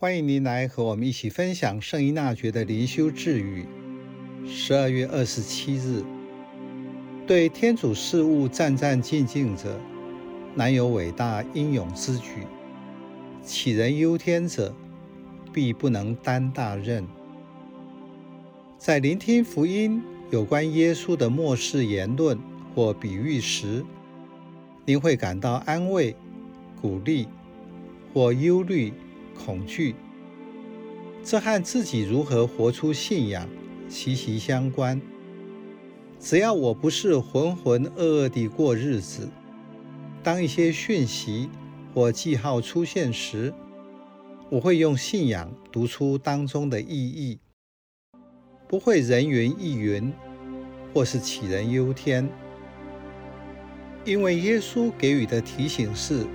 歡迎您來和我們一起分享聖依納爵的靈修智語。十二月二十七日，對天主事物戰戰兢兢者，難有偉大英勇之舉；杞人憂天者，必不能擔大任。在聆聽福音有關耶穌的末世言論或比喻時，您會感到安慰、鼓勵或憂慮。恐懼，這和自己如何活出信仰息息相關。只要我不是渾渾噩噩地過日子，當一些訊息或記號出現時，我會用信仰讀出當中的意義，不會人云亦云或是杞人憂天。因為耶穌給予的提醒是：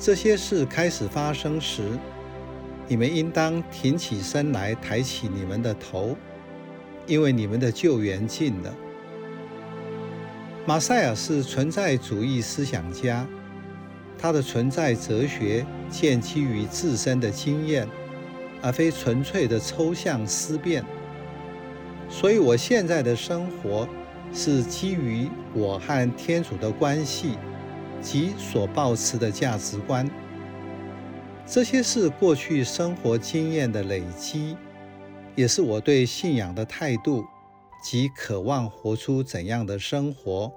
這些事開始發生時，你們應當挺起身來，抬起你們的頭，因為你們的救援近了。馬賽爾是存在主義思想家，他的存在哲學建基於自身的經驗，而非純粹的抽象思辨。所以，我現在的生活是基於我和天主的關係。及所抱持的價值觀，這些是過去生活經驗的累積，也是我對信仰的態度及渴望活出怎樣的生活，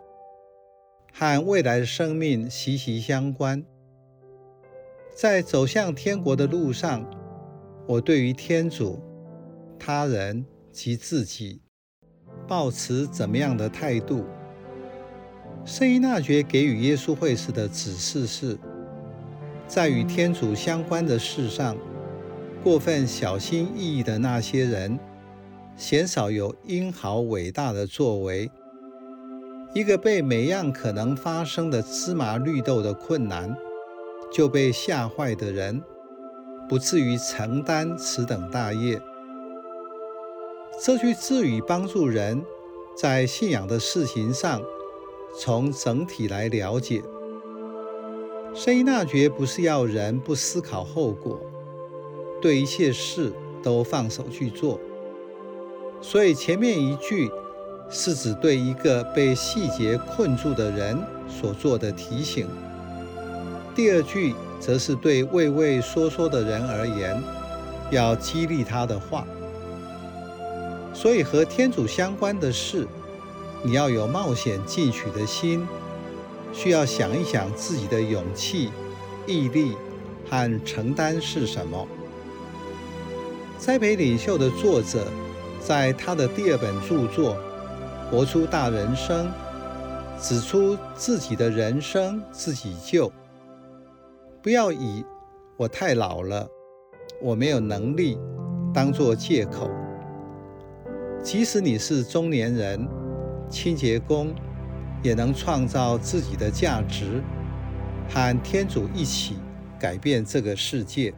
和未來的生命息息相關。在走向天國的路上，我對於天主、他人及自己，抱持怎麼樣的態度？聖依納爵給予耶穌會士的指示是：在與天主相關的事上，過分小心翼翼的那些人，鮮少有英豪偉大的作為。一個被每樣可能發生的芝麻綠豆的困難，就被嚇壞的人，不致於承擔此等大業。這句智語幫助人在信仰的事情上，從整體來了解，聖依納爵不是要人不思考後果，對一切事都放手去做。所以前面一句是指對一個被細節困住的人所做的提醒，第二句則是對畏畏縮縮的人而言，要激勵他的話。所以和天主相關的事。你要有冒險進取的心，需要想一想自己的勇氣、毅力和承擔是什麼？栽培領袖的作者在他的第二本著作《活出大人生》，指出自己的人生自己救，不要以“我太老了，我沒有能力”當做借口。即使你是中年人。清潔工也能創造自己的價值，和天主一起改變這個世界。